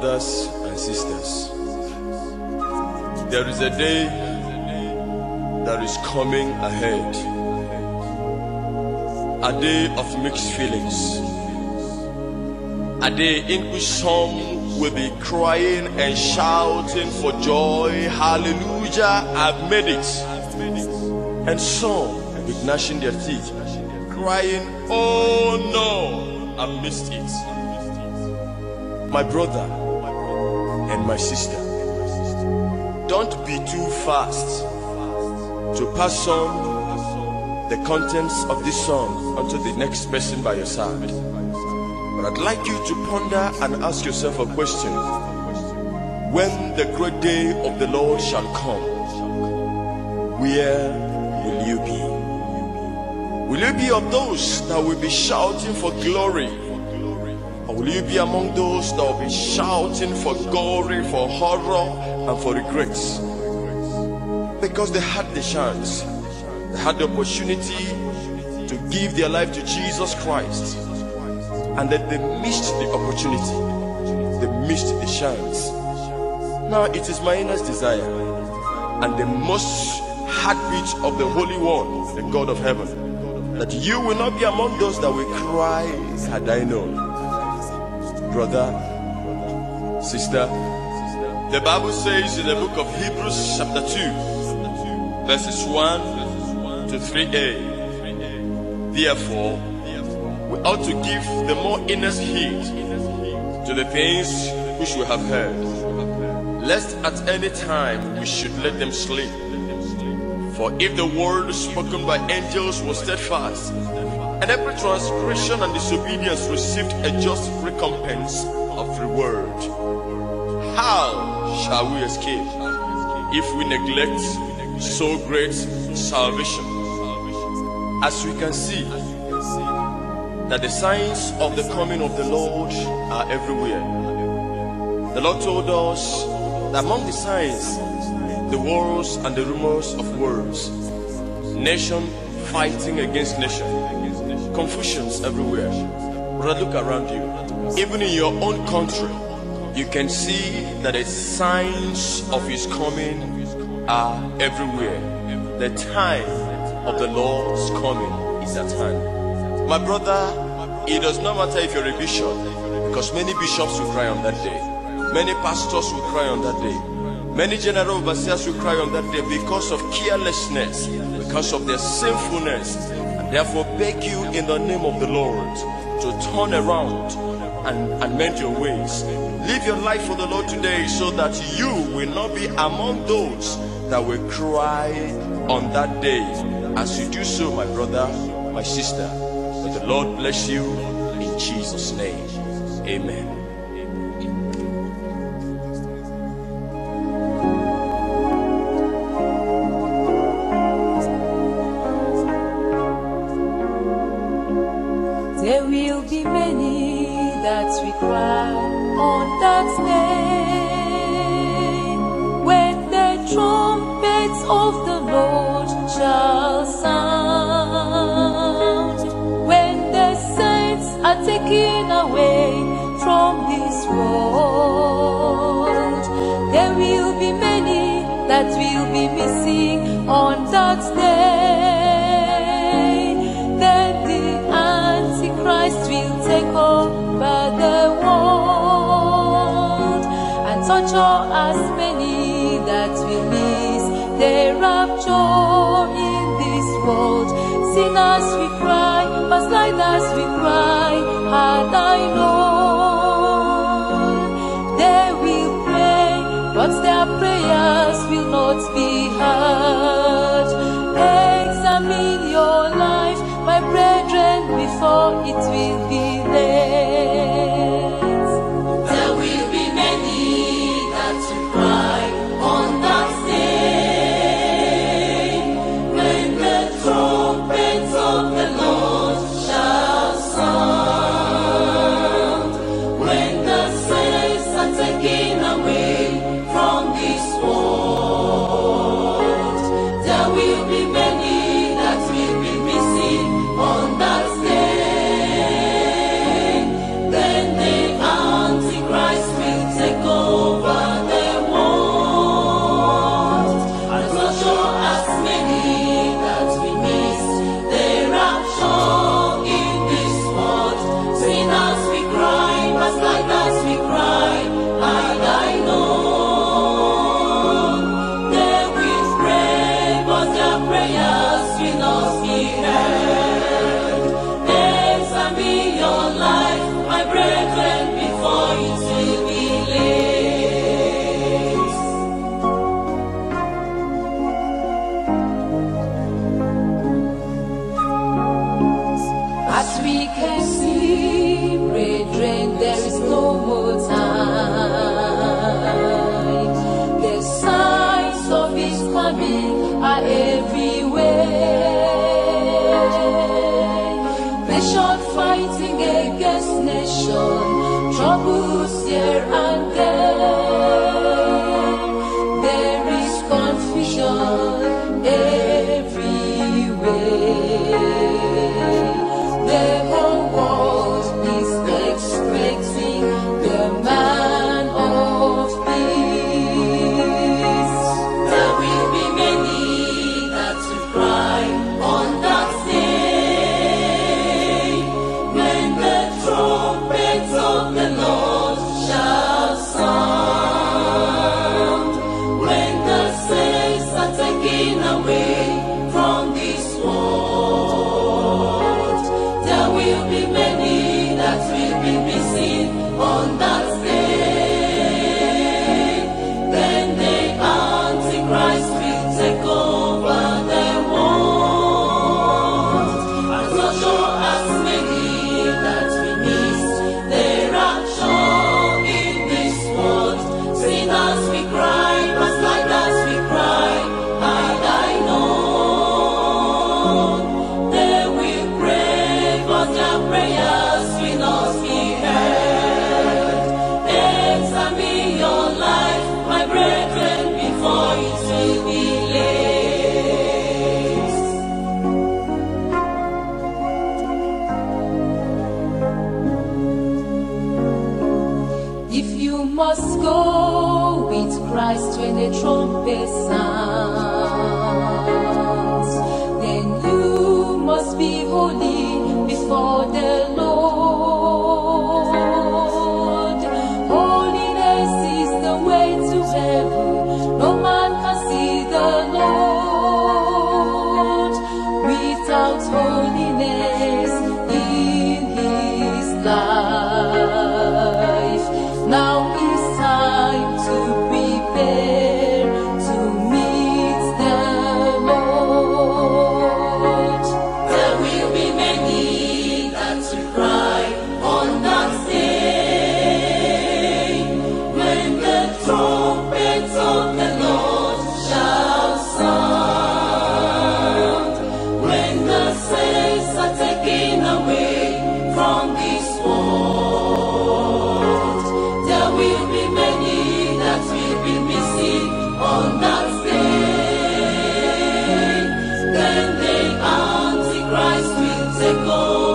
brothers and sisters, there is a day that is coming ahead. A day of mixed feelings. A day in which some will be crying and shouting for joy, Hallelujah, I've made it. And some with gnashing their teeth, crying, Oh no, I missed it. My brother, and my sister. Don't be too fast to pass on the contents of this song onto the next person by your side. But I'd like you to ponder and ask yourself a question. When the great day of the Lord shall come, where will you be? Will you be of those that will be shouting for glory? Will you be among those that will be shouting for glory, for horror, and for regrets? Because they had the chance, they had the opportunity to give their life to Jesus Christ, and that they missed the opportunity, they missed the chance. Now it is my inner desire and the most heartbeat of the Holy One, the God of heaven, that you will not be among those that will cry, Had I known brother, sister. The Bible says in the book of Hebrews, chapter 2, verses 1 to 3a. Therefore, we ought to give the more earnest heed to the things which we have heard, lest at any time we should let them slip. For if the word spoken by angels was steadfast, and every transgression and disobedience received a just recompense of reward. How shall we escape if we neglect so great salvation? As we can see, that the signs of the coming of the Lord are everywhere. The Lord told us that among the signs, the wars and the rumors of wars, nation fighting against nation confusions everywhere. Brother, look around you. Even in your own country, you can see that the signs of his coming are everywhere. The time of the Lord's coming is at hand. My brother, it does not matter if you're a bishop, because many bishops will cry on that day. Many pastors will cry on that day. Many general overseers will cry on that day because of carelessness, because of their sinfulness, Therefore, beg you in the name of the Lord to turn around and, and mend your ways. Live your life for the Lord today so that you will not be among those that will cry on that day. As you do so, my brother, my sister, may the Lord bless you in Jesus' name. Amen. that's required on that day when the trumpets of the Lord shall sound, when the saints are taken away from this world, there will be many that will be missing on that day. there of joy in this world. Sinners we cry, past lighters we cry, had I known. They will pray, but their prayers will not be heard. Examine your life, my brethren, before it will be there. nation fighting against nation. Troubles here and there. bicycle. must go with Christ when the trumpet sounds. Mexico.